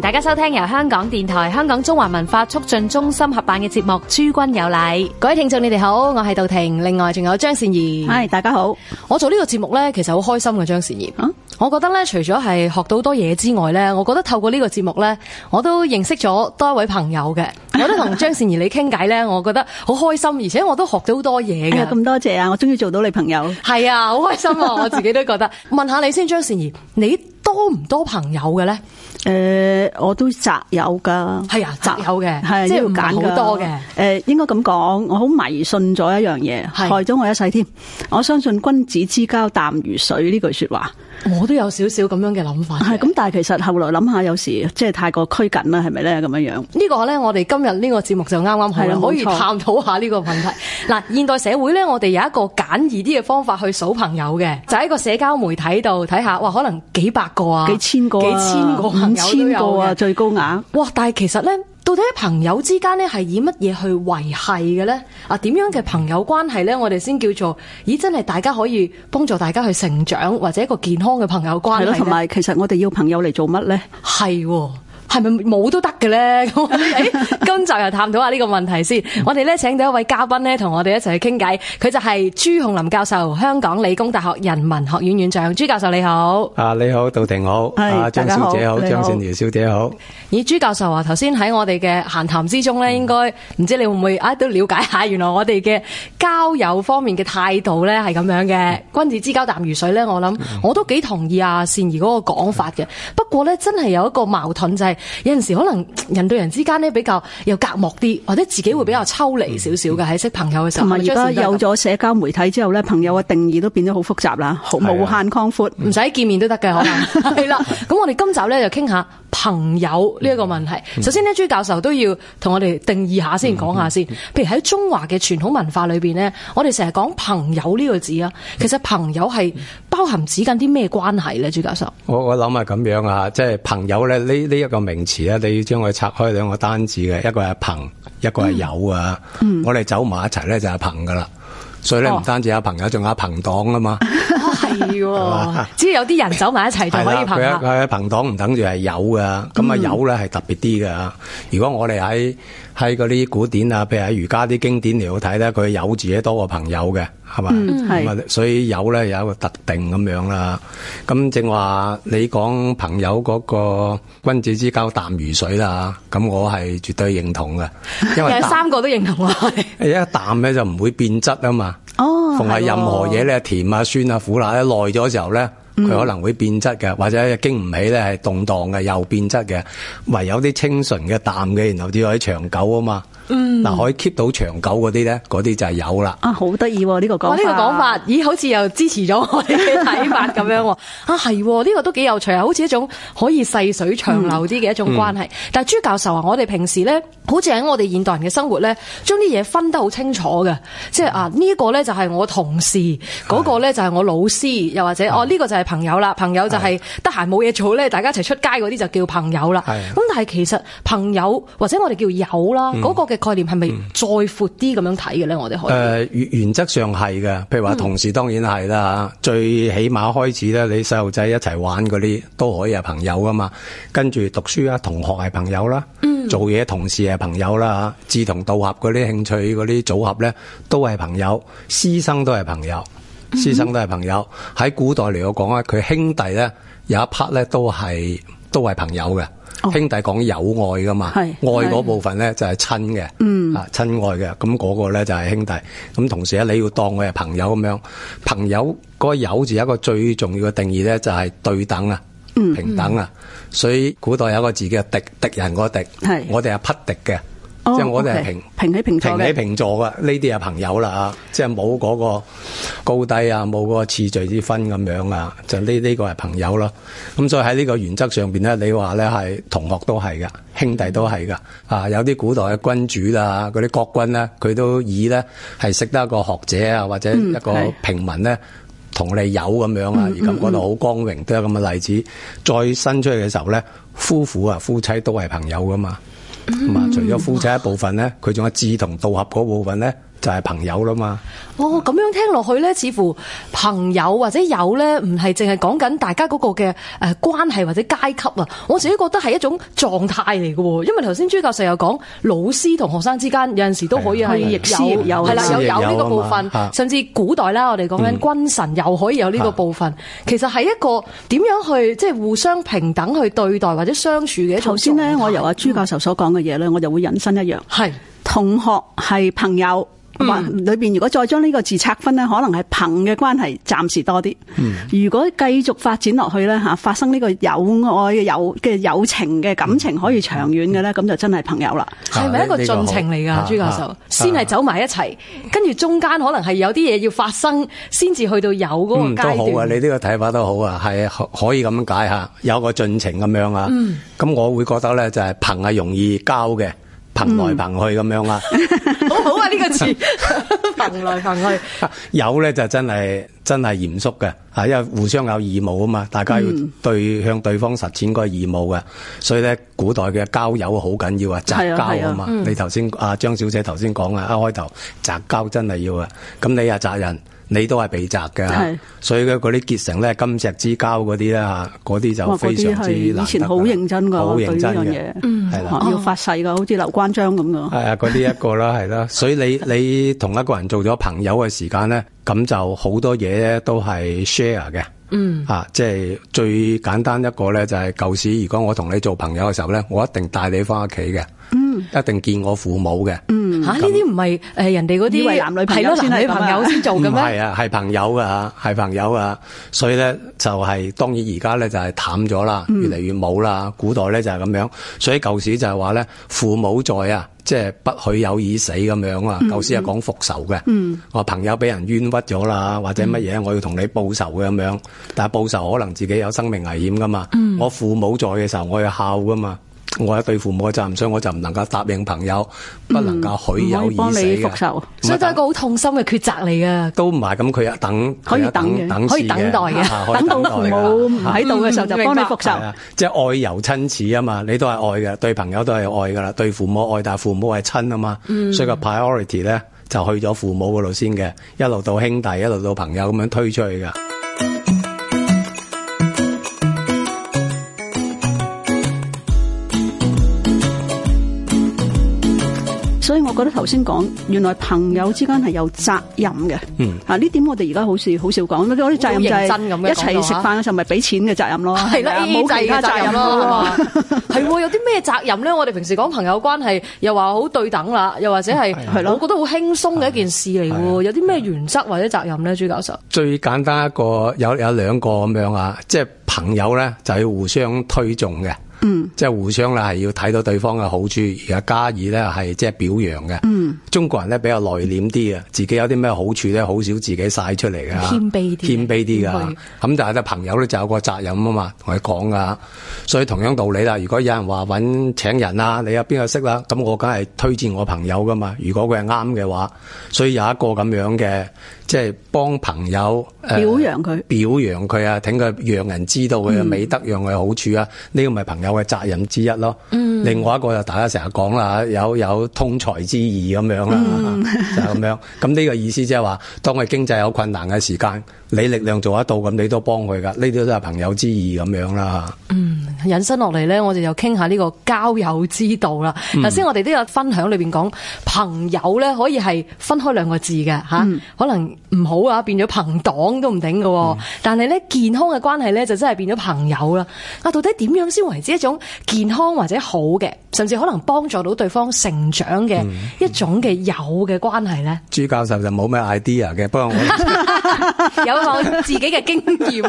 大家收聽由香港電台、香港中華文化促進中心合辦嘅節目《諸君有禮》，各位聽眾你哋好，我係杜婷，另外仲有張善儀，係，大家好。我做呢個節目呢，其實好開心嘅張善儀，huh? 我覺得呢，除咗係學到好多嘢之外呢，我覺得透過呢個節目呢，我都認識咗多一位朋友嘅。 我都同張善儀你傾偈呢，我覺得好開心，而且我都學到好多嘢嘅。咁、哎、多謝啊，我終於做到你朋友，係啊，好開心啊，我自己都覺得。 問下你先，張善儀，你？多唔多朋友嘅咧？誒、呃，我都擇友噶，係啊，擇友嘅，係即係要揀好多嘅。誒、呃，應該咁講，我好迷信咗一樣嘢，害咗我一世添。我相信君子之交淡如水呢句説話，我都有少少咁樣嘅諗法。係咁，但係其實後來諗下，有時即係、就是、太過拘謹啦，係咪咧？咁樣樣呢個咧，我哋今日呢個節目就啱啱好可以探討下呢個問題。嗱，現代社會咧，我哋有一個簡易啲嘅方法去數朋友嘅， 就喺個社交媒體度睇下，哇，可能幾百。幾千個、啊，幾千個，啊幾千個，五千個啊，最高額。哇！但係其實呢，到底朋友之間呢係以乜嘢去維繫嘅呢？啊，點樣嘅朋友關係呢？我哋先叫做，咦，真係大家可以幫助大家去成長，或者一個健康嘅朋友關係。同埋，對其實我哋要朋友嚟做乜呢？係、啊。係咪冇都得嘅咧？咁今集又探討下呢個問題先。我哋咧請到一位嘉賓咧，同我哋一齊去傾偈。佢就係朱鴻林教授，香港理工大學人文學院院長。朱教授你好。啊，你好，杜婷好。啊、哎、張小姐好，張善怡小姐好。咦，朱教授、嗯、會會啊，頭先喺我哋嘅閒談之中咧，應該唔知你會唔會啊都了解下，原來我哋嘅交友方面嘅態度咧係咁樣嘅，君子之交淡如水咧。我諗我都幾同意阿、啊、善儀嗰個講法嘅。不過咧，真係有一個矛盾就係、是。有陣時可能人對人之間咧比較有隔膜啲，或者自己會比較抽離少少嘅，喺識朋友嘅時候。同埋而家有咗社交媒體之後咧、嗯，朋友嘅定義都變咗好複雜啦、啊，無限擴闊，唔、嗯、使見面都得嘅可能。係 啦，咁我哋今集咧就傾下朋友呢一個問題。嗯、首先呢、嗯，朱教授都要同我哋定義下先，講、嗯、下先。譬如喺中華嘅傳統文化裏邊呢，我哋成日講朋友呢個字啊、嗯，其實朋友係包含指緊啲咩關係咧？朱教授，我我諗係咁樣啊，即、就、係、是、朋友咧呢呢一、這個。名詞咧，你要將佢拆開兩個單字嘅，一個係朋，一個係友啊、嗯嗯。我哋走埋一齊咧就係朋噶啦，所以咧唔單止、哦、有朋友，仲有朋黨啊嘛。 只 要有啲人走埋一齊，就可以朋友，佢喺朋黨唔等住係友噶，咁啊友咧係特別啲噶。如果我哋喺喺嗰啲古典啊，譬如喺儒家啲經典嚟睇咧，佢有自己多過朋友嘅，係嘛？咁、嗯、啊，所以友咧有一個特定咁樣啦。咁正話你講朋友嗰個君子之交淡如水啦，咁我係絕對認同嘅，因為有三個都認同啊。一淡咧就唔會變質啊嘛。凡、哦、係任何嘢咧，甜啊、酸啊、苦辣咧，耐咗時候咧，佢可能會變質嘅、嗯，或者經唔起咧係動蕩嘅，又變質嘅。唯有啲清純嘅淡嘅，然後先可以長久啊嘛。嗯，嗱可以 keep 到長久嗰啲咧，嗰啲就係有啦。啊，好得意喎！呢、呢個講呢、啊呢個講法，咦，好似又支持咗我哋嘅睇法咁樣。 啊，係呢、哦呢個都幾有趣啊！好似一種可以細水長流啲嘅一種關係、嗯嗯。但係朱教授話，我哋平時咧，好似喺我哋現代人嘅生活咧，將啲嘢分得好清楚嘅，即、就、係、是嗯、啊呢、呢個咧就係我同事，嗰、嗰個咧就係我老師，又或者哦呢、呢個就係朋友啦。朋友就係得閒冇嘢做咧，大家一齊出街嗰啲就叫朋友啦。咁、嗯、但係其實朋友或者我哋叫友啦，嗰個嘅、嗯。概念係咪再闊啲咁樣睇嘅咧？我哋可以誒、呃，原則上係嘅。譬如話同事當然係啦，吓、嗯、最起碼開始咧，你細路仔一齊玩嗰啲都可以係朋友噶嘛。跟住讀書啊，同學係朋友啦。嗯，做嘢同事係朋友啦，吓，志同道合嗰啲興趣嗰啲組合咧，都係朋友。師生都係朋友，師生都係朋友。喺、嗯、古代嚟講啊，佢兄弟咧有一 part 咧都係都係朋友嘅。兄弟講友愛噶嘛，愛嗰部分咧就係親嘅，啊、嗯、親愛嘅，咁、那、嗰個咧就係兄弟。咁同時咧你要當佢係朋友咁樣，朋友嗰個友字有一個最重要嘅定義咧就係對等啊、嗯，平等啊。所以古代有一個字叫敵，敵人個敵，我哋係匹敵嘅。即係我哋係平平起平坐嘅平起平坐噶，呢啲係朋友啦、啊，即係冇嗰個高低啊，冇嗰個次序之分咁樣啊，就呢呢、這個係朋友咯。咁所以喺呢個原則上邊咧，你話咧係同學都係噶，兄弟都係噶，啊，有啲古代嘅君主啊，嗰啲國君咧、啊，佢都以咧係識得一個學者啊，或者一個平民咧同、嗯、你友咁樣啊，而咁覺得好光榮、嗯嗯，都有咁嘅例子。再伸出去嘅時候咧，夫婦啊，夫妻都係朋友噶嘛。咁、嗯、啊，除咗夫妻一部分咧，佢仲有志同道合部分咧。就係、是、朋友啦嘛！哦，咁樣聽落去呢，似乎朋友或者有呢，唔係淨係講緊大家嗰個嘅誒關係或者階級啊！我自己覺得係一種狀態嚟嘅喎，因為頭先朱教授又講老師同學生之間有陣時都可以係亦有係啦，又有呢個部分，甚至古代啦，我哋講緊君臣又可以有呢個部分。嗯、其實係一個點樣去即係互相平等去對待或者相處嘅。頭先呢，我由阿朱教授所講嘅嘢呢，我就會引申一樣，係同學係朋友。話、嗯、裏邊如果再將呢個字拆分呢，可能係朋嘅關係暫時多啲、嗯。如果繼續發展落去呢吓、啊、發生呢個友愛嘅友嘅友情嘅感情可以長遠嘅呢，咁、嗯、就真係朋友啦。係咪一個進程嚟噶、啊這個，朱教授？啊啊、先係走埋一齊，跟住中間可能係有啲嘢要發生，先至去到有嗰個階段。嗯、好啊，你呢個睇法都好啊，係可以咁樣解下，有個進程咁樣啊。咁、嗯、我會覺得呢，就係朋係容易交嘅。朋來朋去咁、嗯、樣啊 好好啊，呢、這個詞，朋 來朋憑去。 友咧就真係真係嚴肅嘅，吓，因為互相有義務啊嘛，大家要對、嗯、向對方實踐嗰個義務嘅，所以咧古代嘅交友好緊要啊，擇交啊嘛、嗯。你頭先啊，張小姐頭先講啊，一開頭擇交真係要啊，咁你又擇人。你都係被責㗎，所以嗰啲結成咧金石之交嗰啲呢，嗰啲就非常之難得、哦、以前好認真㗎，好認真嘅，嘢。係、嗯、啦，要發誓㗎、哦，好似劉關張咁樣。係啊，嗰啲一個啦，係啦，所以你你同一個人做咗朋友嘅時間咧，咁就好多嘢都係 share 嘅，嗯，即、啊、係、就係、最簡單一個咧、就係，就係舊時如果我同你做朋友嘅時候咧，我一定帶你翻屋企嘅。一定見我父母嘅，吓呢啲唔係誒人哋嗰啲為男女朋友，女朋友先做嘅咩？唔 係啊，係朋友㗎，係朋友啊，所以咧就係、是、當然而家咧就係淡咗啦，越嚟越冇啦、嗯。古代咧就係咁樣，所以舊時就係話咧父母在啊，即、就、係、是、不許友以死咁樣啊。舊時係講復仇嘅，我、嗯嗯、朋友俾人冤屈咗啦，或者乜嘢，我要同你報仇嘅咁樣。但係報仇可能自己有生命危險噶嘛，我父母在嘅時候我要孝噶嘛。我有對父母嘅責任，所以我就唔能夠答應朋友，嗯、不能夠許友以死以復仇。所以就係一個好痛心嘅抉擇嚟嘅。都唔係咁，佢等可以等等，可以等待嘅，等到父母唔喺度嘅時候、嗯、就幫你復仇。即係、就係、愛由親始啊嘛！你都係愛嘅，對朋友都係愛㗎啦，對父母愛，但係父母係親啊嘛、嗯。所以個 priority 咧就去咗父母嗰度先嘅，一路到兄弟，一路到朋友咁樣推出去嘅。所以我覺得頭先講，原來朋友之間係有責任嘅。吓呢點我哋而家好似好少講。咁啲責任就係一齊食飯嘅時候咪俾錢嘅責任咯，係啦，冇其他責任咯，係喎。有啲咩責任咧？我哋平時講朋友關係，又話好對等啦，又或者係，係咯，我覺得好輕鬆嘅一件事嚟。有啲咩原則或者責任咧，朱教授？最簡單一個有有兩個咁樣啊，即係朋友咧就係互相推重嘅。嗯，即係互相咧，係要睇到對方嘅好處，而家加以咧係即係表揚嘅。嗯，中國人咧比較內斂啲啊，自己有啲咩好處咧，好少自己晒出嚟嘅，謙卑啲，謙卑啲噶。咁但係咧朋友咧就有個責任啊嘛，同佢講噶。所以同樣道理啦，如果有人話揾請人啊，你有邊個識啦？咁我梗係推薦我朋友噶嘛。如果佢係啱嘅話，所以有一個咁樣嘅。即係幫朋友，呃、表揚佢表揚佢啊，挺佢，讓人知道佢嘅美德，讓佢嘅好處啊，呢個咪朋友嘅責任之一咯。嗯，另外一個就大家成日講啦，有有通財之義咁樣啦，就咁、是、樣。咁呢個意思即係話，當佢經濟有困難嘅時間，你力量做得到，咁你都幫佢噶，呢啲都係朋友之義咁樣啦。嗯，引申落嚟咧，我哋又傾下呢個交友之道啦。頭、嗯、先我哋都有分享裏邊講，朋友咧可以係分開兩個字嘅吓、嗯，可能。唔好啊，變咗朋黨都唔頂噶。嗯、但係咧，健康嘅關係咧，就真係變咗朋友啦。啊，到底點樣先為之一種健康或者好嘅，甚至可能幫助到對方成長嘅一種嘅有嘅關係咧？嗯嗯，朱教授就冇咩 idea 嘅，不過我 有我自己嘅經驗。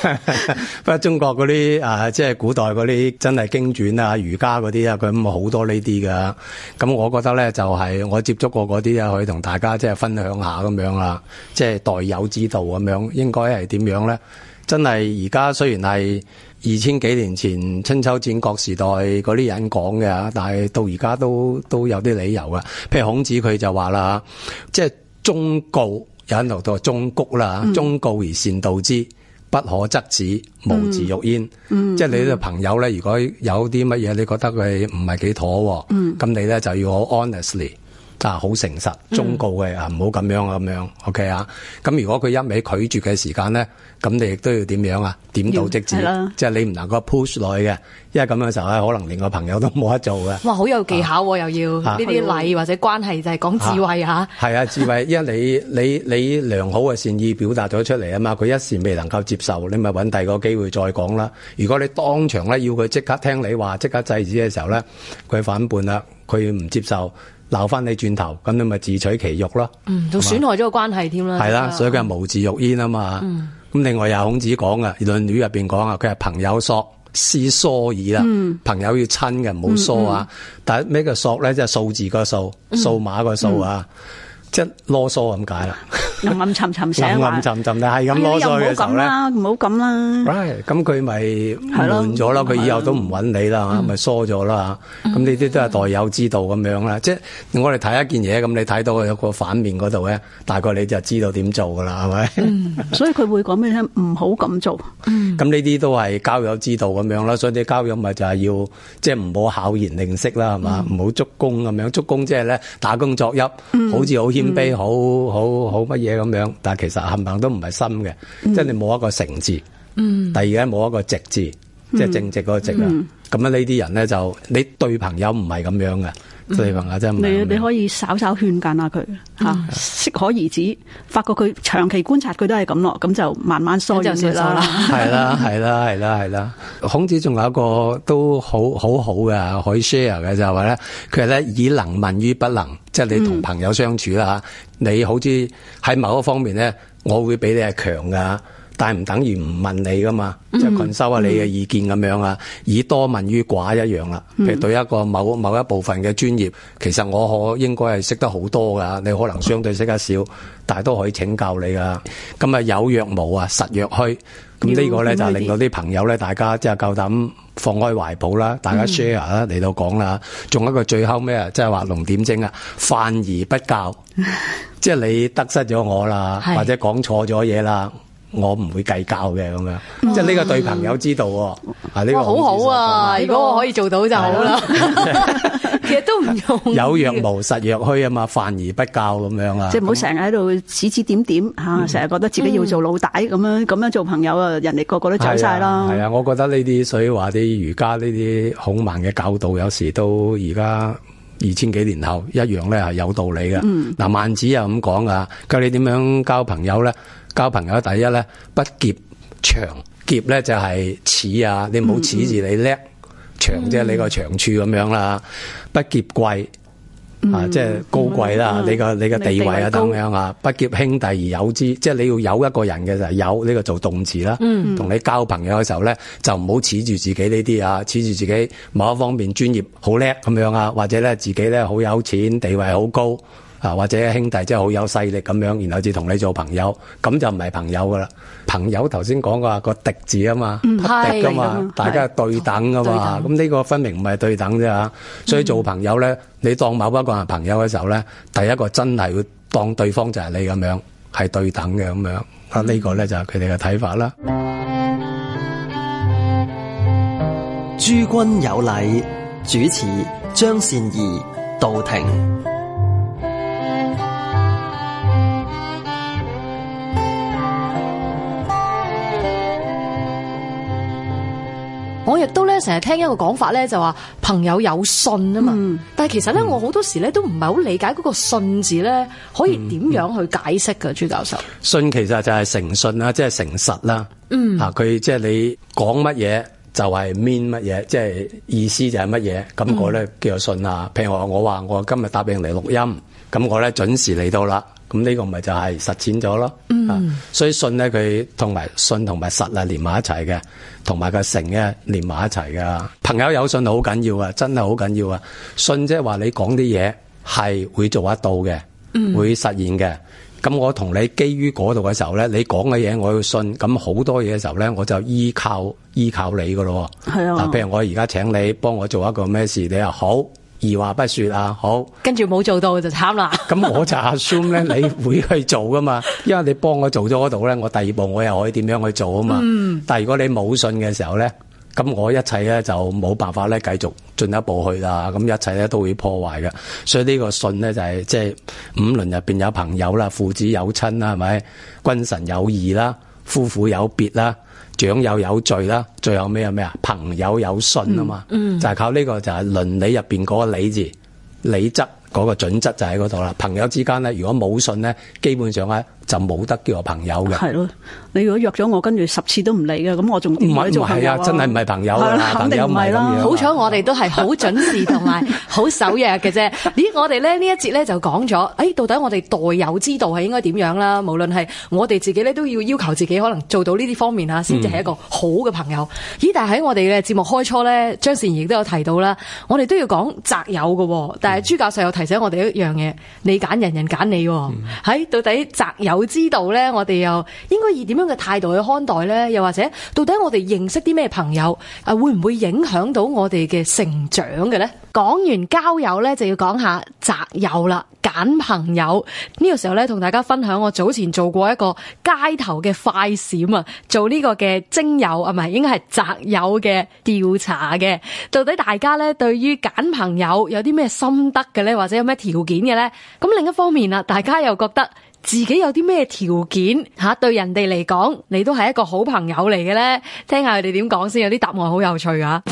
不過中國嗰啲啊，即係古代嗰啲真係經傳啊、儒家嗰啲啊，佢咁啊好多呢啲噶。咁我覺得咧，就係、是、我接觸過嗰啲啊，可以同大家即係分享下。咁樣啦，即係代友之道咁樣，應該係點樣咧？真係而家雖然係二千幾年前春秋戰國時代嗰啲人講嘅吓，但係到而家都都有啲理由噶。譬如孔子佢就話啦吓，即係忠告引路，到忠谷啦、嗯、忠告而善道之，不可則止，毋自辱焉、嗯嗯。即係你啲朋友咧，如果有啲乜嘢你覺得佢唔係幾妥，咁、嗯、你咧就要好 honestly。就係好誠實忠告嘅啊，唔好咁樣咁樣 OK 啊。咁、嗯啊、如果佢一味拒絕嘅時間咧，咁你亦都要點樣啊？點到即止？即係你唔能夠 push 落去嘅，因為咁嘅時候咧，可能連個朋友都冇得做嘅。哇，好有技巧喎、啊！又要呢啲禮或者關係就係講智慧啊。係啊，啊，智慧，因為你你你良好嘅善意表達咗出嚟啊嘛，佢 一時未能夠接受，你咪搵第二個機會再講啦。如果你當場咧要佢即刻聽你話，即刻制止嘅時候咧，佢反叛啦，佢唔接受。鬧翻你轉頭，咁你咪自取其辱咯。嗯，仲損害咗個關係添啦。係啦，所以佢係無自辱焉啊嘛。咁、嗯、另外又孔子講㗎，《論語》入邊講啊，佢係朋友索斯疏矣啦。嗯，朋友要親嘅，唔好疏啊。嗯嗯、但係咩叫索咧？即係數字個數，數碼個數啊，即係囉嗦咁解啦。暗暗沉沉成日，你又唔好咁啦，唔好咁啦。係、right, 咁，佢咪換咗啦，佢以後都唔揾你啦，咪疏咗啦，吓。咁呢啲都係代友之道咁樣啦、嗯。即係我哋睇一件嘢，咁你睇到佢有個反面嗰度咧，大概你就知道點做噶啦，係、嗯、咪、 嗯？所以佢會講俾你聽，唔好咁做。咁呢啲都係交友之道咁樣啦。所以啲交友咪就係要，即係唔好巧言令色啦，係、嗯、嘛？唔好足恭咁樣，足恭即係咧打工作揖，好似好謙卑，嗯、好好好乜嘢？咁樣，但係其實冚唪唥都唔係深嘅、嗯，即係你冇一個誠字、嗯，第二咧冇一個直字，嗯、即係正直嗰個直啊。咁、嗯、樣這些人呢啲人咧就，你對朋友唔係咁樣嘅。所以朋友真係你你可以稍稍勸諫下佢，嚇、嗯、適可而止。發覺佢長期觀察佢都係咁咯，咁就慢慢疏遠啦。係啦，係 啦，係啦，係啦。孔子仲有一個都好好好嘅可以 share 嘅就係話咧，佢咧以能問於不能，即、就、係、是、你同朋友相處啦、嗯。你好似喺某一方面咧，我會比你係強㗎。但係唔等於唔問你噶嘛，即係吸收下你嘅意見咁樣啊、嗯，以多問於寡一樣啦、啊。譬、嗯、如對一個某某一部分嘅專業，其實我可應該係識得好多噶，你可能相對識得少，但係都可以請教你噶。咁啊，有若無啊，實若虛咁呢個咧就是、令到啲朋友咧、嗯，大家即係夠膽放開懷抱啦，大家 share 啦嚟到講啦。仲有一個最後咩、就是、啊，即係話龍點睛啊，犯而不教， 即係你得失咗我啦，或者講錯咗嘢啦。我唔會計較嘅，咁樣，即係呢個對朋友知道喎、哦。啊、呢、這個好好啊！如果我可以做到就好啦。嗯啊。 其實都唔容易，有若無實若虛啊嘛，犯而不校咁樣，此此此此此此、嗯、啊。即係唔好成日喺度指指點點吓，成日覺得自己要做老大咁樣，咁樣做朋友啊，人哋個個都走晒啦。係啊，啊，我覺得呢啲所以話啲儒家呢啲孔孟嘅教導，有時都而家二千幾年後一樣咧係有道理嘅。嗱、嗯啊，孟子又咁講啊，教你點樣交朋友咧？交朋友第一咧，不挾長，挾咧就係恃啊！你唔好恃住你叻長即係、嗯、你個長處咁樣啦。不挾貴，啊、嗯、即係高貴啦、嗯，你個你個地位啊咁樣啊。不挾兄弟而友之，即係你要有一個人嘅就有呢、這個做動詞啦。同、嗯、你交朋友嘅時候咧，就唔好恃住自己呢啲啊，恃住自己某一方面專業好叻咁樣啊，或者咧自己咧好有錢，地位好高。啊，或者兄弟即係好有勢力咁樣，然後至同你做朋友，咁就唔係朋友噶啦。朋友頭先講過話，個敵字啊嘛，敵噶嘛，大家係對等噶嘛。咁呢，個分明唔係對等啫吓。所以做朋友咧，你當某一個人朋友嘅時候咧，嗯，第一個真係要當對方就係你咁樣，係對等嘅咁樣。啊、這個，呢個咧就係佢哋嘅睇法啦。朱君有禮，主持張善儀，道庭。我亦都咧成日聽一個講法咧，就話、是、朋友有信啊嘛、嗯。但係其實咧，我好多時咧都唔係好理解嗰個信字咧可以點樣去解釋噶、嗯嗯，朱教授。信其實就係誠信啦，即係誠實啦。嗯，佢即係你講乜嘢就係 mean 乜嘢，即、就、係、是、意思就係乜嘢。咁我咧叫做信啊、嗯、譬如我我話我今日答應人嚟錄音，咁我咧準時嚟到啦。咁呢個咪就係實踐咗咯、嗯，所以信咧佢同埋信同埋實啊連埋一齊嘅，同埋個誠嘅連埋一齊㗎。朋友有信好緊要啊，真係好緊要啊！信即係話你講啲嘢係會做得到嘅、嗯，會實現嘅。咁我同你基於嗰度嘅時候咧，你講嘅嘢我要信，咁好多嘢嘅時候咧，我就依靠依靠你噶咯。係啊，譬如我而家請你幫我做一個咩事，你又好。二話不說啊，好，跟住冇做到就慘啦。咁 我就 assume 咧，你會去做噶嘛？因為你幫我做咗嗰度咧，我第二步我又可以點樣去做啊嘛？嗯、但係如果你冇信嘅時候咧，咁我一切咧就冇辦法咧繼續進一步去啦。咁一切咧都會破壞㗎。所以呢個信咧就係、是、即係五倫入邊有朋友啦、父子有親啦、係咪？君臣有義啦、夫婦有別啦。長幼有，有序啦，最後咩係咩啊？朋友有信啊嘛、嗯嗯，就係、是、靠呢、這個就係、是、倫理入邊嗰個理字、理則嗰個準則就喺嗰度啦。朋友之間咧，如果冇信咧，基本上咧。就冇得叫我朋友嘅。係咯，你如果約咗我，跟住十次都唔嚟嘅，咁我仲唔係，係啊，真係唔係朋友，肯定朋友唔係啦，好彩我哋都係好準時同埋好守約嘅啫。咦，我哋咧呢一節咧就講咗，誒、哎、到底我哋待友之道係應該點樣啦？無論係我哋自己咧都要要求自己，可能做到呢啲方面啊，先至係一個好嘅朋友、嗯。咦，但係喺我哋嘅節目開初咧，張善儀都有提到啦，我哋都要講擇友喎。但係朱教授又提醒我哋一樣嘢，你揀人，人揀你喎、哦，喺、哎、到底擇友。會知道呢，我哋又應該以點樣嘅態度去看待呢？又或者到底我哋認識啲咩朋友啊？會唔會影響到我哋嘅成長嘅呢？講完交友呢，就要講下擇友啦，揀朋友，呢個時候呢，同大家分享我早前做過一個街頭嘅快閃啊，做呢個嘅徵友啊，唔係應該係擇友嘅調查嘅。到底大家呢，對於揀朋友有啲咩心得嘅呢？或者有咩條件嘅呢？咁另一方面啦，大家又覺得。自己有啲咩條件吓？對人哋嚟講，你都係一個好朋友嚟嘅咧。聽下佢哋點講先，有啲答案好有趣啊！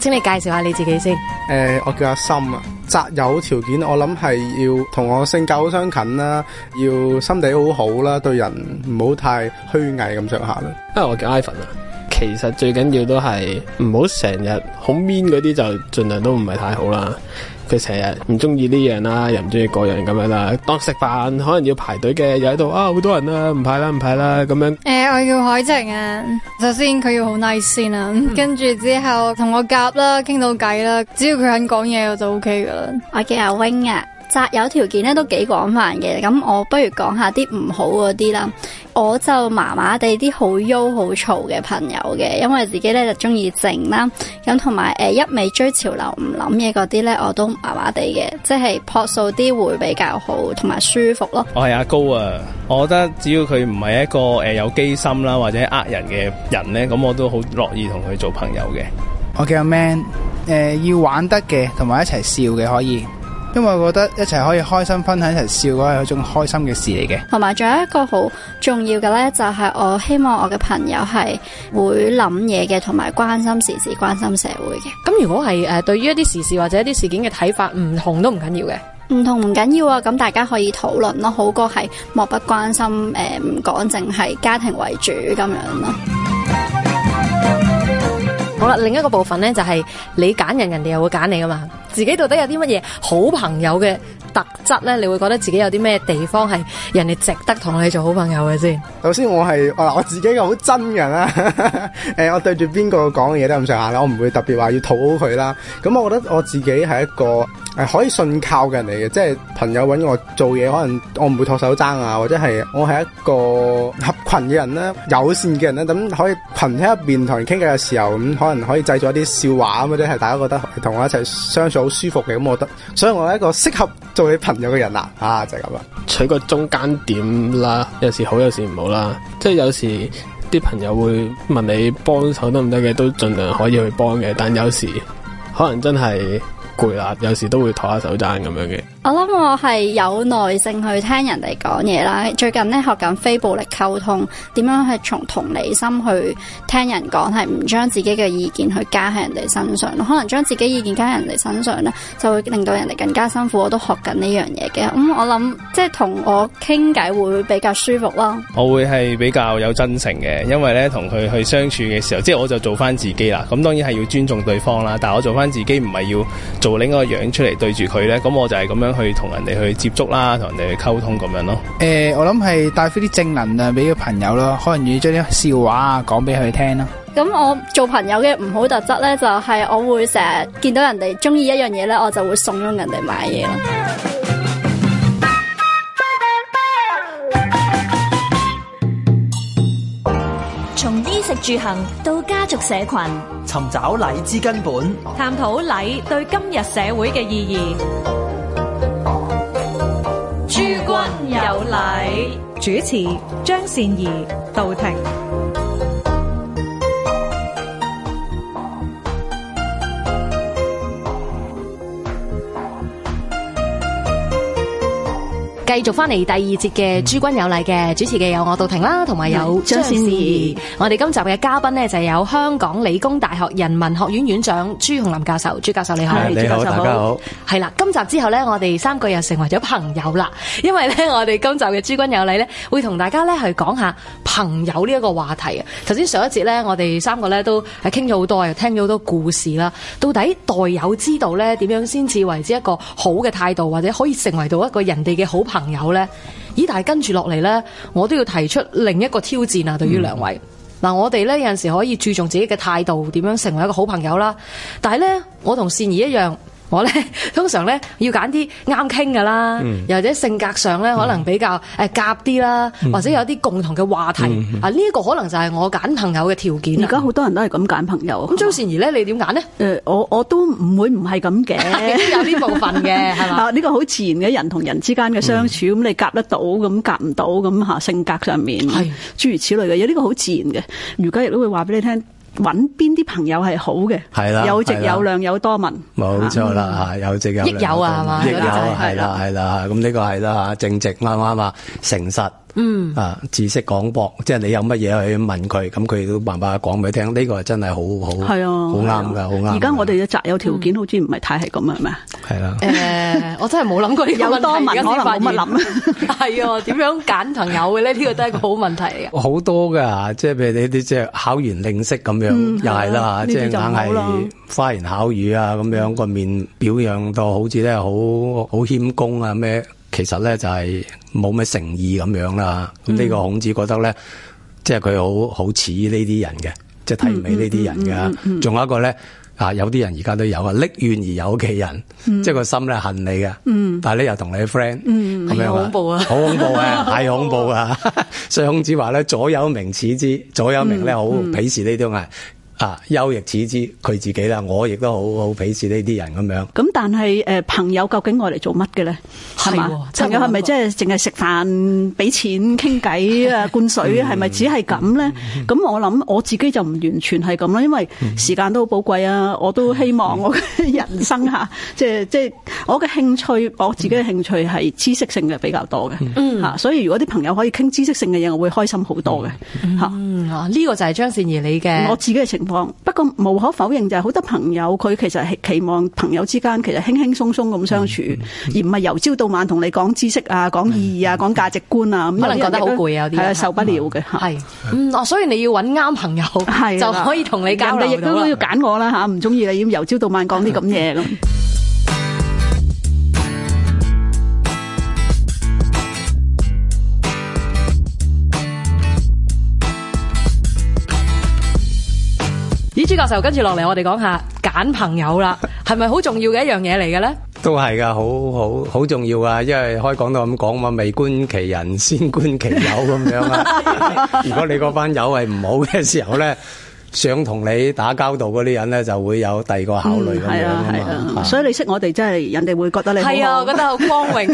請你介紹下你自己先。誒、欸，我叫阿森啊。擇友條件，我諗係要同我性格好相近啦，要心地好好啦，對人唔好太虛偽咁上下啦。啊、欸，我叫 Ivan 啊。其實最緊要都係唔好成日好 mean 嗰啲就盡量都唔係太好啦。佢成日唔中意呢樣啦，又唔中意嗰樣咁樣啦。當食飯可能要排隊嘅，又喺度啊，好多人啊，唔排啦，唔排啦咁樣。誒、欸，我叫海晴啊。首先佢要好 nice 先、啊嗯、啦，跟住之後同我夾啦，傾到偈啦、啊，只要佢肯講嘢我就 OK 噶啦。我叫阿 wing 啊。擇友條件咧都幾廣泛嘅，咁我不如講下啲唔好嗰啲啦。我就麻麻地啲好憂好吵嘅朋友嘅，因為自己咧就中意靜啦。咁同埋誒一味追潮流唔諗嘢嗰啲咧，我都麻麻地嘅，即係樸素啲會比較好，同埋舒服咯。我係阿高啊，我覺得只要佢唔係一個誒有機心啦或者呃人嘅人咧，咁我都好樂意同佢做朋友嘅。我叫阿 man，誒、呃、要玩得嘅，同埋一齊笑嘅可以。因為我覺得一齊可以開心分享，一齊笑嘅話係一種開心嘅事嚟嘅，同埋仲有一個好重要嘅呢，就係我希望我嘅朋友係會諗嘢嘅，同埋關心時事、關心社會嘅。咁如果係誒對於一啲時事或者一啲事件嘅睇法唔同都唔緊要嘅，唔同唔緊要啊，咁大家可以討論咯，好過係漠不關心誒，唔講，淨係家庭為主咁樣咯。好啦，另一個部分咧就係、是、你揀人，人哋又會揀你噶嘛？自己到底有啲乜嘢好朋友嘅特質咧？你會覺得自己有啲咩地方係人哋值得同你做好朋友嘅先？首先我係我自己又個好真人啦、啊，誒、 呃，我對住邊個講嘅嘢都唔咁上下啦，我唔會特別話要討好佢啦。咁我覺得我自己係一個。係可以信靠嘅人嚟嘅，即係朋友揾我做嘢，可能我唔會托手踭啊，或者係我係一個合群嘅人啦，友善嘅人啦。咁可以群喺入邊同人傾偈嘅時候，咁可能可以製造一啲笑話或者係大家覺得同我一齊相處好舒服嘅，咁我覺得，所以我係一個適合做你朋友嘅人啦，啊，啊就係咁啊，取個中間點啦，有時好，有時唔好啦，即係有時啲朋友會問你幫手得唔得嘅，都盡量可以去幫嘅，但有時可能真係。攰啦，有時都會托下手踭咁樣嘅。我諗我係有耐性去聽人哋講嘢啦，最近咧學緊非暴力溝通，點樣係從同理心去聽人講，係唔將自己嘅意見去加喺人哋身上，可能將自己意見加喺人哋身上咧，就會令到人哋更加辛苦。我都學緊呢樣嘢嘅，咁、嗯、我諗即係同我傾偈會比較舒服咯。我會係比較有真誠嘅，因為咧同佢去相處嘅時候，即係我就做翻自己啦。咁當然係要尊重對方啦，但係我做翻自己唔係要做另一個樣出嚟對住佢咧，咁我就係咁樣。去同人哋去接觸啦，同人哋去溝通咁樣咯。誒、欸，我諗係帶翻啲正能量俾個朋友咯，可能要將啲笑話啊講俾佢聽咯。咁我做朋友嘅唔好特質咧，就係、是、我會成日見到人哋中意一樣嘢咧，我就會慫恿人哋買嘢咯。從衣食住行到家族社群，尋找禮之根本，探討禮對今日社會嘅意義。有禮，主持張善儀到庭。繼續翻嚟第二節嘅諸君有禮嘅主持嘅有我杜婷啦，同埋有張雪儀。我哋今集嘅嘉賓呢，就有香港理工大學人文學院院長朱鴻林教授。朱教授你好，你好，朱教授好，大家好。係啦，今集之後呢，我哋三個又成為咗朋友啦。因為呢，我哋今集嘅諸君有禮呢，會同大家呢去講下朋友呢一個話題。頭先上一節呢，我哋三個呢都係傾咗好多，又聽咗好多故事啦。到底待友之道呢，點樣先至為之一個好嘅態度，或者可以成為到一個人哋嘅好朋？朋友呢，咦？但係跟住落嚟呢，我都要提出另一個挑戰啊！對於兩位嗱、嗯，我哋呢，有陣時可以注重自己嘅態度，點樣成為一個好朋友啦。但係呢，我同善兒一樣。我咧通常咧要揀啲啱傾㗎啦，又、嗯、或者性格上咧可能比較誒夾啲啦、嗯，或者有啲共同嘅話題。嗯嗯、啊，呢、這、一個可能就係我揀朋友嘅條件啦。而家好多人都係咁揀朋友。咁、嗯、周善儀咧，你點揀呢？嗯、我我都唔會唔係咁嘅， 有呢部分嘅，係 嘛？呢、啊這個好自然嘅，人同人之間嘅相處，咁、嗯、你夾得到，咁夾唔到，咁性格上面係諸如此類嘅，有、這、呢個好自然嘅。如家亦都會話俾你聽。揾邊啲朋友係好嘅，啦友直友諒友多聞冇錯啦吓，友直有、嗯、益友啊係嘛，益友係啦係啦，咁呢個係啦吓，正直啱啱啊，誠實。嗯，啊，知識廣博，即係你有乜嘢去問佢，咁佢都辦法講俾你聽。呢、這個係真係好好，係啊，好啱噶，好啱。而家、啊、我哋嘅擇友條件好似唔係太係咁樣係咪係啦。誒、嗯啊啊欸，我真係冇諗過 有多問題，可能冇乜諗。係 啊，點樣揀朋友嘅呢？呢、這個都係一個好問題、嗯、啊。好多噶，即係譬如你啲即係巧言令色咁樣，又係啦，即係硬係花言巧語樣、嗯、啊，咁樣個面表揚到好似咧，好好謙恭啊咩？其實咧就係冇咩誠意咁樣啦，咁呢個孔子覺得咧，即係佢好好似呢啲人嘅，即係睇唔起呢啲人嘅。仲、嗯嗯嗯嗯嗯、有一個咧，啊有啲人而家都有啊，匿怨而友其人，即係個心咧恨你嘅、嗯，但係呢，又同你 friend，咁、嗯、樣啊，好、嗯、恐怖啊，太恐怖啊！ 怖啊 所以孔子話咧，左丘明恥之，左丘明咧好鄙視呢啲。啊、嗯。嗯啊、休優亦此之佢自己啦，我亦都好好鄙視呢啲人咁樣。咁但係誒、呃、朋友究竟愛嚟做乜嘅咧？係嘛、哦，朋友係咪即係淨係食飯、俾、嗯、錢、傾偈啊、灌水係咪只係咁咧？咁、嗯嗯、我諗我自己就唔完全係咁啦，因為時間都好寶貴啊，我都希望我嘅人生嚇，即係即係我嘅興趣、嗯，我自己嘅興趣係知識性嘅比較多嘅、嗯啊、所以如果啲朋友可以傾知識性嘅嘢，我會開心好多嘅嚇。呢、嗯嗯啊這個就係張善宜你嘅我自己嘅情。不過無可否認就係、是、好多朋友佢其實期望朋友之間其實輕輕松鬆咁相處，嗯嗯、而唔係由朝到晚同你講知識啊、講意義啊、講、嗯、價值觀啊，可能覺得好攰啊啲，係啊受不了嘅。係，嗯，嗯、啊，所以你要揾啱朋友，就可以同你交流。你亦都要揀我啦吓，唔中意你要由朝到晚講啲咁嘢。朱教授跟住落嚟，我哋講下揀朋友啦，係咪好重要嘅一樣嘢嚟嘅咧？都係噶，好好好重要㗎！因為可以講到咁講嘛，未觀其人先觀其友咁樣啊。 如果你嗰班友係唔好嘅時候咧，想同你打交道嗰啲人咧，就會有第二個考慮咁樣啊，係啊，係啊。所以你識我哋，真係人哋會覺得你係啊，覺得好光榮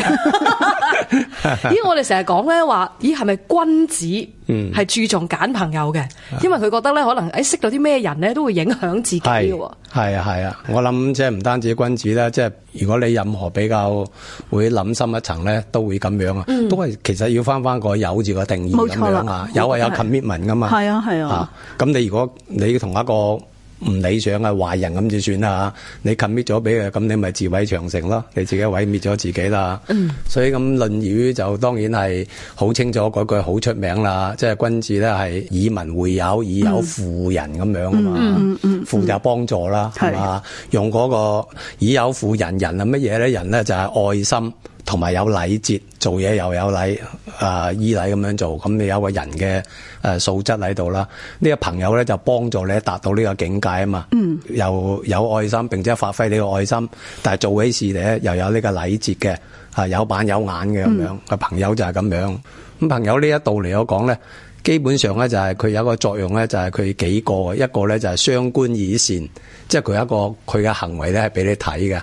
咦，我哋成日講咧話，咦，係咪君子？嗯，係注重揀朋友嘅，因為佢覺得咧，可能喺識到啲咩人咧，都會影響自己嘅。係啊係啊，我諗即係唔單止君子啦，即係如果你任何比較會諗深一層咧，都會咁樣啊、嗯，都係其實要翻翻個友字嘅定義咁樣冇錯啦，有啊，友係有 commitment 噶嘛。係啊係啊，咁、啊啊、你如果你同一個。唔理想嘅壞人，咁就算啦，你冚滅咗俾佢，咁你咪自毀長城咯，你自己毀滅咗自己啦。嗯，所以咁《論語》就當然係好清楚嗰句好出名啦，即係君子咧，係以文會友，以友輔仁」咁樣啊嘛。嗯嗯嗯，輔就嗯嗯、幫助啦，係、嗯、嘛？用嗰個以友輔仁，仁係乜嘢咧？仁咧就係愛心。同埋有禮節，做嘢又有禮，啊、呃、依禮咁樣做，咁你有個人嘅誒素質喺度啦。呢、呢個朋友咧就幫助你達到呢個境界啊嘛。嗯。又有愛心，並且發揮你個愛心，但係做起事嚟咧又有呢個禮節嘅、啊，有板有眼嘅咁樣嘅、嗯、朋友就係咁樣。咁朋友呢一度嚟我講咧，基本上咧就係佢有個作用咧，就係佢幾個，一個咧就係相觀而善，即係佢一個佢嘅行為咧係俾你睇嘅。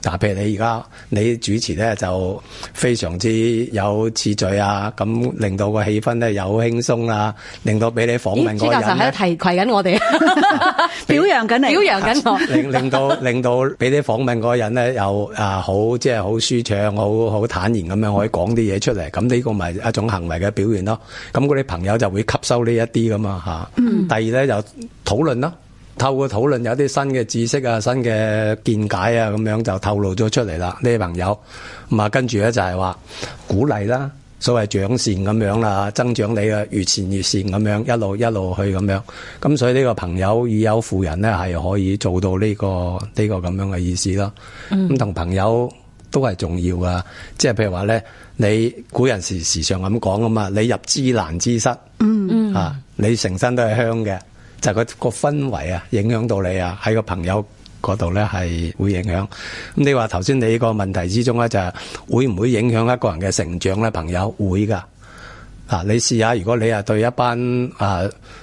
嗱，譬如你而家你主持咧，就非常之有次序啊，咁令到個氣氛咧又好輕鬆啊，令到俾你訪問嗰個人咧提攜緊我哋， 表揚緊你，表揚緊我， 令令到令到俾你訪問嗰人咧又啊好即係好舒暢，好好坦然咁樣可以講啲嘢出嚟，咁、嗯、呢個咪一種行為嘅表現咯。咁嗰啲朋友就會吸收呢一啲㗎嘛嚇、啊。第二咧就討論咯。透過討論有啲新嘅知識啊、新嘅見解啊，咁樣就透露咗出嚟啦。呢啲朋友，咁啊跟住咧就係話鼓勵啦，所謂長善咁樣啦，增長你嘅越前越善咁樣，一路一路去咁樣。咁所以呢個朋友以友輔仁咧，係可以做到呢個呢個咁樣嘅意思咯。咁、嗯、同朋友都係重要噶，即係譬如話咧，你古人時時常咁講啊嘛，你入芝蘭之室、嗯嗯，啊，你成身都係香嘅。就個氛圍啊，影響到你啊，喺個朋友嗰度咧係會影響。咁你話頭先你個問題之中咧，就會唔會影響一個人嘅成長咧？朋友會噶。啊你試下如果你係對一班啊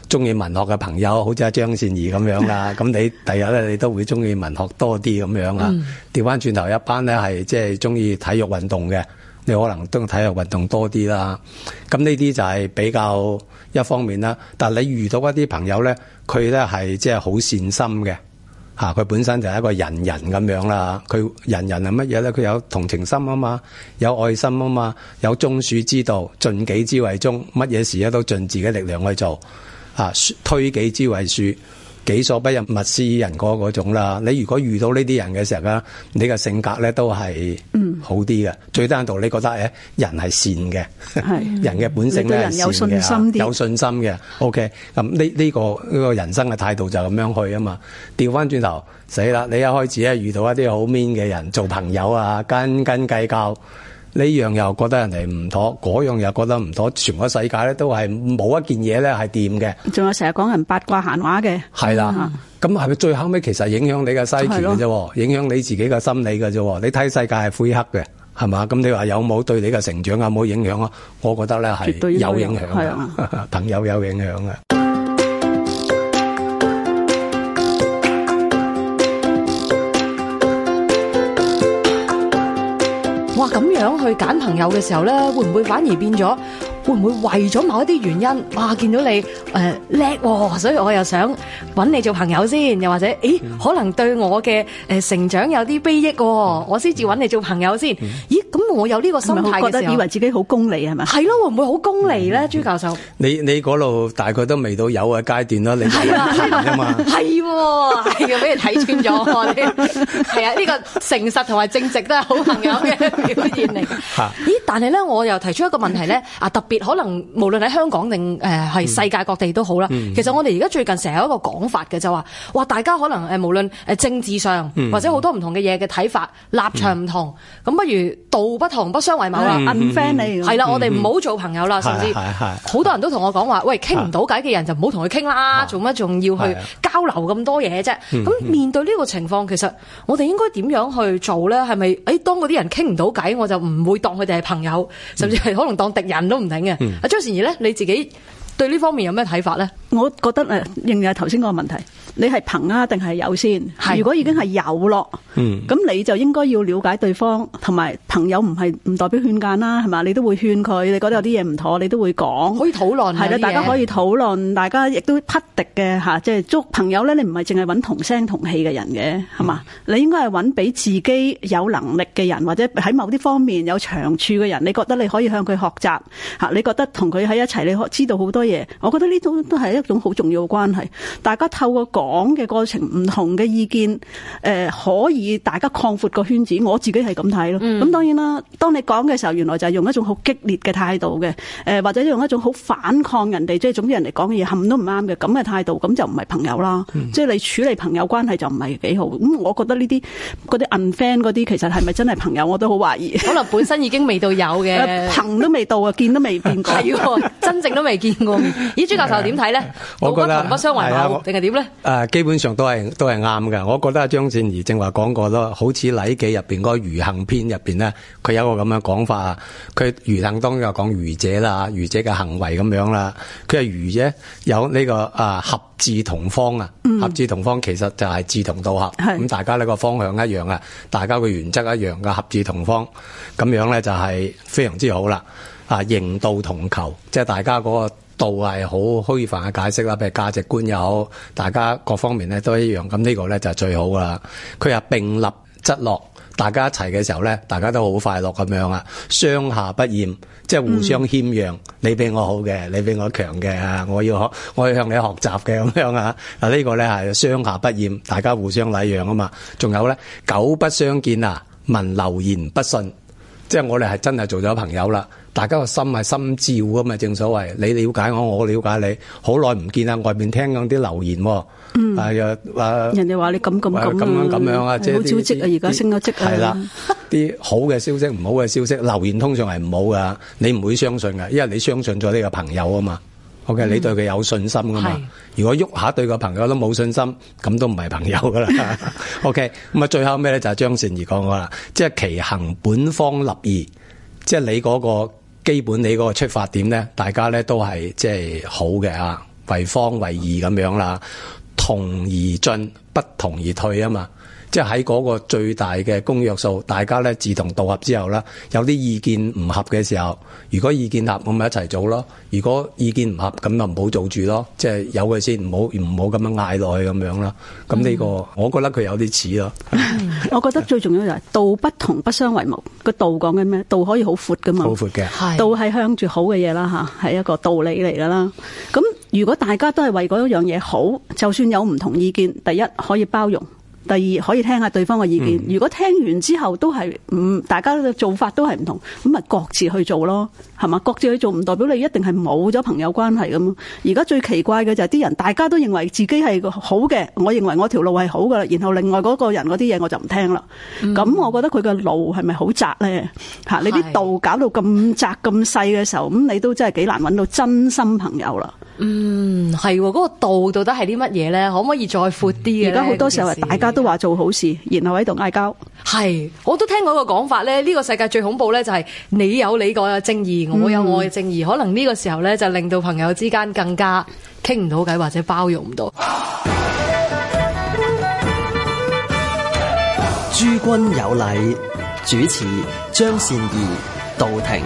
中意文學嘅朋友，好似阿張善義咁樣啦，咁 你第日咧你都會中意文學多啲咁樣啊。調翻轉頭一班咧係即係中意體育運動嘅。你可能都體育運動多啲啦，咁呢啲就係比較一方面啦。但你遇到一啲朋友咧，佢咧係即係好善心嘅，嚇佢本身就係一個仁人咁樣啦。佢仁人係乜嘢咧？佢有同情心啊嘛，有愛心啊嘛，有忠恕之道，盡己之為忠，乜嘢事咧都盡自己力量去做，推己之為恕。己所不欲，勿施於人，嗰嗰種啦。你如果遇到呢啲人嘅時候咧，你嘅性格咧都係好啲嘅、嗯。最緊要你覺得誒，人係善嘅，人嘅本性咧係善嘅，有信心嘅。OK，咁呢呢個呢、呢個人生嘅態度就咁樣去啊嘛。調翻轉頭，死啦！你一開始咧遇到一啲好 mean 嘅人，做朋友啊，斤斤計較。呢樣又覺得人哋唔妥，嗰樣又覺得唔妥，全個世界咧都係冇一件嘢咧係掂嘅。仲有成日講人八卦閒話嘅。係啦，咁係咪最後尾其實影響你嘅西傳嘅啫，影響你自己嘅心理嘅啫。你睇世界係灰黑嘅，係嘛？咁你話有冇對你嘅成長有冇影響啊？我覺得咧係有影響 朋友有影響嘅。咁樣去揀朋友嘅時候咧，會唔會反而變咗？會唔會為咗某一啲原因，哇！見到你誒叻、呃哦，所以我又想揾你做朋友先，又或者，誒、嗯，可能對我嘅誒成長有啲裨益，我先至揾你做朋友先。嗯、咦？咁我有呢個心態嘅時候，是是覺得以為自己好功利係咪？係咯，會唔會好功利咧？朱教授，你你嗰度大概都未到有嘅階段啦，你係啊嘛？係 ，係嘅，俾你睇穿咗。係啊，呢個誠實同埋正直都係好朋友嘅表現嚟。吓，咦？但係咧，我又提出一個問題咧，啊， 特別。可能無論喺香港定誒係世界各地都好啦、嗯，其實我哋而家最近成日有一個講法嘅，就話：哇！大家可能誒無論誒政治上或者好多唔同嘅嘢嘅睇法、嗯、立場唔同，咁不如道不同不相為謀啦，unfriend 你係啦，我哋唔好做朋友啦、嗯，甚至好多人都同我講話：喂，傾唔到偈嘅人就唔好同佢傾啦，做乜仲要去交流咁多嘢啫？咁面對呢個情況，其實我哋應該點樣去做咧？係咪？誒、哎，當嗰啲人傾唔到偈，我就唔會當佢哋係朋友，甚至係可能當敵人都唔定。嗯，阿張善怡咧，你自己對呢方面有咩睇法咧？我覺得誒仍然係頭先嗰個問題。你係朋啊定係友先？如果已經係友咯，咁、嗯、你就應該要了解對方，同埋朋友唔係唔代表勸諫啦，係嘛？你都會勸佢，你覺得有啲嘢唔妥，你都會講。可以討論係啦，大家可以討論，大家亦都匹敵嘅嚇，即係做朋友咧。你唔係淨係揾同聲同氣嘅人嘅，係嘛、嗯？你應該係揾俾自己有能力嘅人，或者喺某啲方面有長處嘅人，你覺得你可以向佢學習、啊、你覺得同佢喺一齊，你知道好多嘢。我覺得呢種都係一種好重要嘅關係，大家透過講。講嘅過程唔同嘅意見，誒、呃、可以大家擴闊個圈子，我自己係咁睇咯。咁、嗯、當然啦，當你講嘅時候，原來就係用一種好激烈嘅態度嘅，誒、呃、或者用一種好反抗人哋，即、就、係、是、總之人哋講嘅嘢，冚都唔啱嘅咁嘅態度，咁就唔係朋友啦。即、嗯、係你處理朋友關係就唔係幾好。咁我覺得呢啲嗰啲 unfriend 嗰啲，其實係咪真係朋友，我都好懷疑。可能本身已經未到有嘅，朋都未到啊，見都未見過 對、哦， 真正都未見過。咦， 朱教授點睇咧？我覺得，我覺得道不同不相為謀，定係點咧？啊，基本上都係都係啱嘅。我覺得張善儀正話講過咯，好似《禮記》入面嗰個《儒行篇》入面咧，佢有個咁嘅講法。佢儒行當又講儒者啦，儒者嘅行為咁樣啦。佢係儒者有呢個啊，合志同方啊。合志同方其實就係志同道合。咁、嗯、大家呢個方向一樣啊，大家嘅原則一樣嘅合志同方，咁樣咧就係非常之好啦。啊，認道同求，即係大家嗰、那個。道係好虛泛嘅解釋啦，譬如價值觀又好，大家各方面咧都一樣。咁呢個咧就係最好啦。佢係並立則樂，大家一齊嘅時候咧，大家都好快樂咁樣啊，相下不厭，即係互相謙讓、嗯、你比我好嘅，你比我強嘅，我要學，我要向你學習嘅咁樣啊。嗱，呢個咧係相下不厭，大家互相禮讓啊嘛。仲有咧，久不相見啊，聞流言不信，即係我哋係真係做咗朋友啦。大家個心係心照噶嘛，正所謂你了解我，我了解你。好耐唔見啦，外面聽緊啲流言，係、嗯、啊，話人哋話你咁咁咁啊，即係好少職啊，而家升咗職啊，係啦，啲 好嘅消息，唔好嘅消息，流言通常係唔好噶，你唔會相信噶，因為你相信咗呢個朋友啊嘛。OK，、嗯、你對佢有信心噶嘛？如果喐下對個朋友都冇信心，咁都唔係朋友噶啦。 OK，咁啊，最後咩咧？就係張善如講講啦，即係其行本方立義，即係你嗰、嗰個。基本你嗰個出發點咧，大家咧都係即係好嘅啊，為方為義咁樣啦，同而進，不同而退吖嘛。即係喺嗰個最大嘅公約數，大家咧志同道合之後啦，有啲意見唔合嘅時候，如果意見合，咁咪一齊做咯；如果意見唔合，咁就唔好做住咯。即係有嘅先，唔好唔好咁樣嗌落去咁樣啦。咁呢、呢個、嗯、我覺得佢有啲似咯。 我覺得最重要就係道不同不相為謀。個道講緊咩？道可以好闊噶嘛，闊好闊嘅道係向住好嘅嘢啦。吓，係一個道理嚟噶啦。咁如果大家都係為嗰樣嘢好，就算有唔同意見，第一可以包容。第二可以聽下對方嘅意見，嗯、如果聽完之後都係唔大家嘅做法都係唔同，咁咪各自去做咯，係嘛？各自去做唔代表你一定係冇咗朋友關係咁。而家最奇怪嘅就係啲人大家都認為自己係好嘅，我認為我條路係好噶，然後另外嗰個人嗰啲嘢我就唔聽啦。咁、嗯、我覺得佢嘅路係咪好窄呢？吓，你啲道搞到咁窄咁細嘅時候，咁你都真係幾難揾到真心朋友啦。嗯，係嗰、那個道到底係啲乜嘢咧？可唔可以再闊啲嘅？而家好多時候大家都話做好事，然後喺度嗌交。係，我都聽過嗰個講法咧。呢、這個世界最恐怖咧，就係你有你個正義，我有我嘅正義。嗯、可能呢個時候咧，就令到朋友之間更加傾唔到偈，或者包容唔到。諸君有禮，主持張善儀道庭。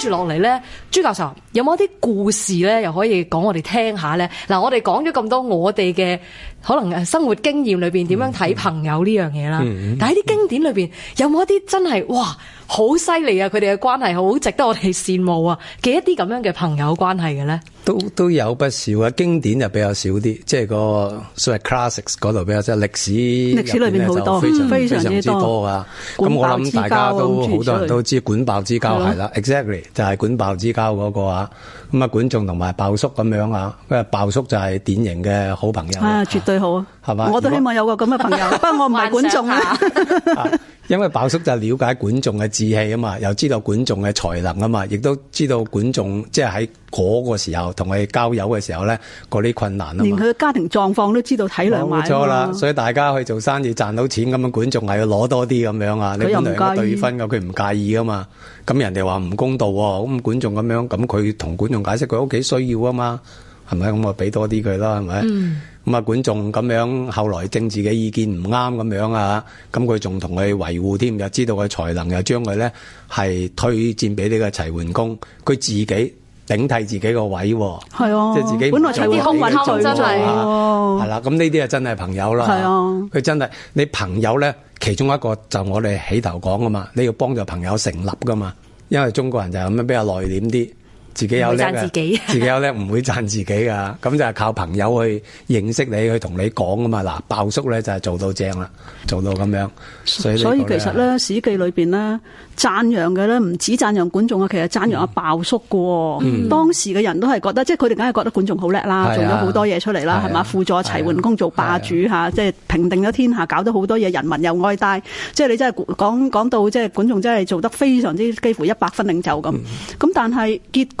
住落嚟咧，朱教授有冇一啲故事咧，又可以講我哋聽下咧？嗱，我哋講咗咁多我哋嘅。可能生活經驗裏面點樣睇朋友呢、嗯、樣嘢啦、嗯嗯，但係啲經典裏面有冇一啲真係哇好犀利啊！佢哋嘅關係好值得我哋羨慕啊嘅一啲咁樣嘅朋友關係嘅咧，都都有不少啊！經典就比較少啲，即係個所謂 classics 嗰度比較即係歷史歷史裏好多非常多、嗯、非常之多啊，咁我諗大家都好多人都知管鮑之交係啦，exactly 就係管鮑之交嗰、嗰個啊。咁啊、嗰個，管仲同埋鮑叔咁樣啊，因為鮑叔就係典型嘅好朋友、啊最好啊，係嘛？我都希望有個咁嘅朋友， 不過我唔係管仲啦、 啊。因為鮑叔就了解管仲嘅志氣啊嘛，又知道管仲嘅才能啊嘛，亦都知道管仲即係喺嗰個時候同佢交友嘅時候咧，嗰啲困難啊嘛。連佢家庭狀況都知道體諒埋、嗯、啦，所以大家去做生意賺到錢咁樣，管仲係要攞多啲咁樣啊。你又唔介意，對分噶，佢唔介意啊嘛。咁人哋話唔公道喎，咁管仲咁樣，咁佢同管仲解釋佢屋企需要啊嘛，係咪咁我俾多啲佢啦，係咪？嗯咁啊，管仲咁樣，後來政治嘅意見唔啱咁樣啊，咁佢仲同佢維護添，又知道佢才能，又將佢呢係推薦俾呢個齊桓公，佢自己頂替自己個位，係啊，即係自己，自己本來，運來、哦啊、就啲空運真係，係啦，咁呢啲啊真係朋友啦，係啊，佢真係你朋友呢，其中一個就我哋起頭講㗎嘛，你要幫助朋友成立噶嘛，因為中國人就咁樣比較內斂啲。自己有叻，不會贊自，己 自己有叻唔會贊自己噶，咁就係靠朋友去認識你， 去同你講啊嘛。嗱，鮑叔咧就係做到正啦，做到咁樣所以。所以其實咧《史記》裏邊呢，贊揚嘅咧唔止贊揚管仲啊，揚嗯、其實贊揚阿鮑叔嘅、哦。嗯嗯當時嘅人都係覺得，即係佢哋梗係覺得管仲好叻啦，啊、做咗好多嘢出嚟啦，係嘛，輔助齊桓公做霸主吓，即係、啊、平定咗天下，搞到好多嘢，人民又愛戴。即係、啊、你真係講講到即係管仲真係做得非常之幾乎一百分領袖咁。咁、嗯、但係結。嗰、那、鮑、個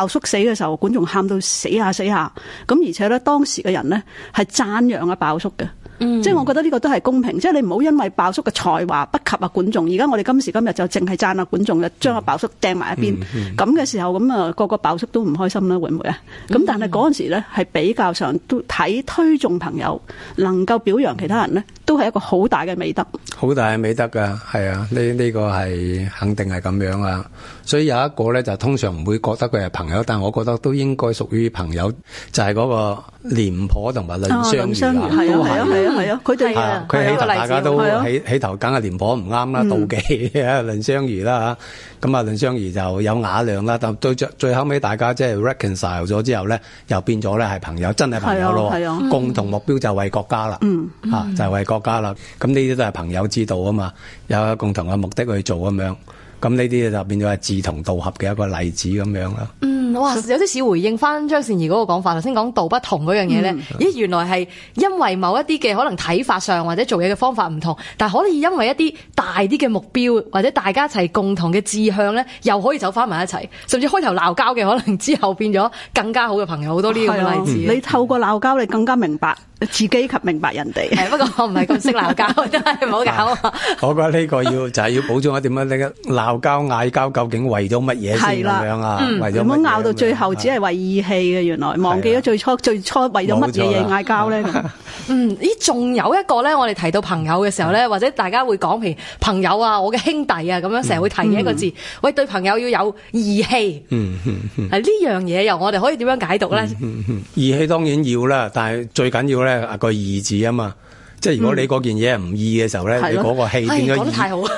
啊、叔死嘅時候，管仲喊到死下、啊、死下、啊，咁而且咧，當時嘅人呢係讚揚阿鮑叔嘅、嗯，即係我覺得呢個都係公平，即係你唔好因為鮑叔嘅才華不及阿、啊、管仲，而家我哋今時今日就淨係讚阿管仲嘅、啊，將阿鮑叔掟埋一邊，咁、嗯、嘅、嗯、時候咁啊，那個個鮑叔都唔開心啦，會唔會啊？咁、嗯、但係嗰陣時呢係比較上都睇推崇朋友，能夠表揚其他人呢，都係一個好大嘅美德，好大嘅美德噶，係啊，呢呢、啊這個係肯定係咁樣啊。所以有一個咧，就通常唔會覺得佢係朋友，但我覺得都應該屬於朋友，就係、是、嗰個廉頗同埋藺相如啦。哦，係啊，係、嗯、啊，係啊，佢哋啊，佢、啊、起大家都起、啊、起頭，梗係廉頗唔啱啦，妒忌、嗯、啊，藺相如啦嚇。咁啊，藺相如就有雅量啦。但最後尾，大家即係 reconcile 咗之後咧，又變咗咧係朋友，真係朋友咯。係、嗯、啊，共同目標就係為國家啦。嗯，嗯啊、就係、是、為國家啦。咁呢啲都係朋友之道啊嘛，有共同嘅目的去做咁樣。咁呢啲就變咗係志同道合嘅一個例子咁樣啦。有啲小回應翻張善宜嗰個講法，頭先講道不同嗰樣嘢咧，咦、嗯？原來係因為某一啲嘅可能睇法上或者做嘢嘅方法唔同，但係可以因為一啲大啲嘅目標或者大家一齊共同嘅志向咧，又可以走翻埋一齊。甚至開頭鬧交嘅，可能之後變咗更加好嘅朋友，好多呢個例子、啊嗯。你透過鬧交，你更加明白自己及明白人哋。不過我唔係咁識鬧交，真係唔好搞我、啊。我覺得呢個要就係、是、要補充一點乜咧？鬧交嗌交究竟為咗乜嘢先咁樣啊？咗、嗯到最後只係為義氣嘅，原來忘記咗最初、啊、最初為咗乜嘢嘢嗌交咧。 嗯，咦，仲有一個咧，我哋提到朋友嘅時候咧， 或者大家會講譬如朋友啊，我嘅兄弟啊，咁樣成日會提嘅一個字、嗯。喂，對朋友要有義氣。嗯呢、嗯嗯、樣嘢，由我哋可以點樣解讀咧、嗯嗯嗯嗯。義氣當然要啦，但係最緊要咧個義字啊嘛。即係如果你嗰件嘢唔義嘅時候咧、嗯，你嗰個氣應該義。講得太好了。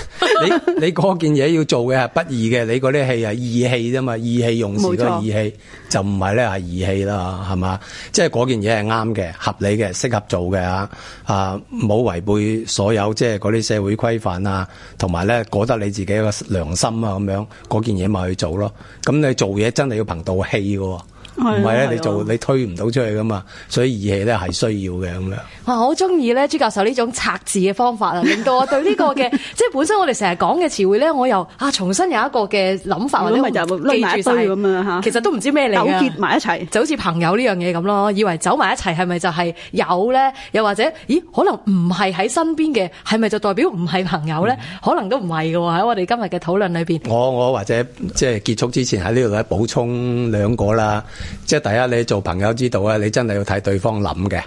你你嗰件嘢要做嘅係不義嘅，你嗰啲戲係義氣啫嘛，義氣用事個義氣就唔係咧係義氣啦，係嘛？即係嗰件嘢係啱嘅、合理嘅、適合做嘅啊啊！冇違背所有即係嗰啲社會規範啊，同埋咧覺得你自己一個良心啊咁樣，嗰件嘢咪去做咯。咁你做嘢真係要憑道氣噶。唔係你做你推唔到出去噶嘛，所以義氣咧係需要嘅咁樣。啊，我好中意咧朱教授呢種拆字嘅方法啊，令到我對呢個嘅 即係本身我哋成日講嘅詞彙咧，我又啊重新有一個嘅諗法或者記住咁樣吓。其實都唔知咩嚟啊，糾結埋一齊就好似朋友呢樣嘢咁咯。以為走埋一齊係咪就係有咧？又或者咦，可能唔係喺身邊嘅，係咪就代表唔係朋友咧、嗯？可能都唔係嘅喎。喺我哋今日嘅討論裏邊，我我或者即係結束之前喺呢度咧補充兩個啦。即係第一，你做朋友之道啊，你真係要睇對方諗嘅，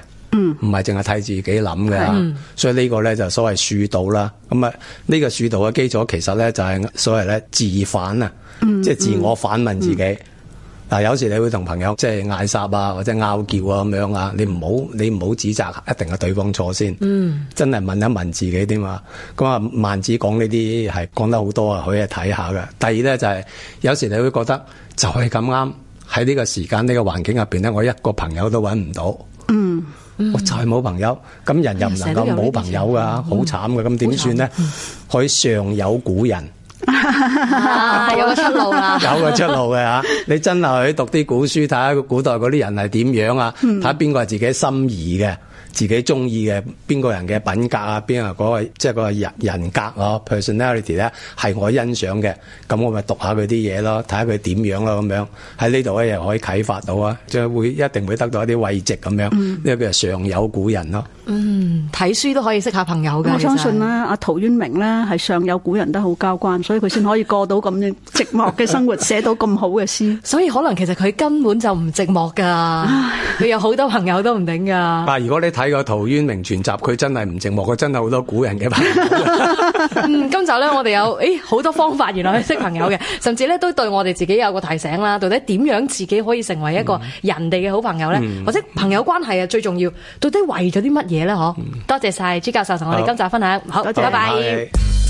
唔係淨係睇自己諗嘅、嗯。所以呢個咧就所謂恕道啦。咁啊，呢個恕道嘅基礎其實咧就係所謂咧自反啊、嗯，即係自我反問自己。嗱、嗯嗯啊，有時你會同朋友即係嗌殺啊，或者拗撬啊，咁樣啊，你唔好你唔好指責，一定係對方錯先。嗯，真係問一問自己添嘛。咁啊，萬子講呢啲係講得好多啊，可以睇下嘅。第二咧就係、是、有時你會覺得就係咁啱。喺呢個時間呢、這個環境入邊咧，我一個朋友都揾唔到，嗯嗯、我再冇朋友。咁人又唔能夠冇朋友噶，好慘噶。咁點算呢？佢尚有古人、啊，有個出路啊有個出路嘅吓， 你真係去讀啲古書，睇下古代嗰啲人係點樣啊？睇下邊個係自己心儀嘅。自己中意嘅邊個人嘅品格啊，邊啊嗰個即係個人、那個就是、個人格囉、啊、personality 咧，係我欣賞嘅，咁我咪讀下佢啲嘢咯，睇下佢點樣咯，咁樣喺呢度咧，又可以啟發到啊，即係會一定會得到一啲慰藉咁樣，呢個叫做常有古人咯。嗯，睇書都可以識下朋友嘅。我相信啦，阿陶淵明咧係上有古人都好交關，所以佢先可以過到咁樣寂寞嘅生活，寫 到咁好嘅詩。所以可能其實佢根本就唔寂寞噶，佢 有好多朋友都唔定噶。嗱，如果你睇個陶淵明全集，佢真係唔寂寞，佢真係好多古人嘅朋友。 嗯，今集咧我哋有誒好多方法，原來去識朋友嘅，甚至咧都對我哋自己有個提醒啦。到底點樣自己可以成為一個人哋嘅好朋友咧、嗯？或者朋友關係啊最重要，到底為咗啲乜嘢？嘢啦，多謝晒朱教授同我哋今集分享，好，多謝，拜拜。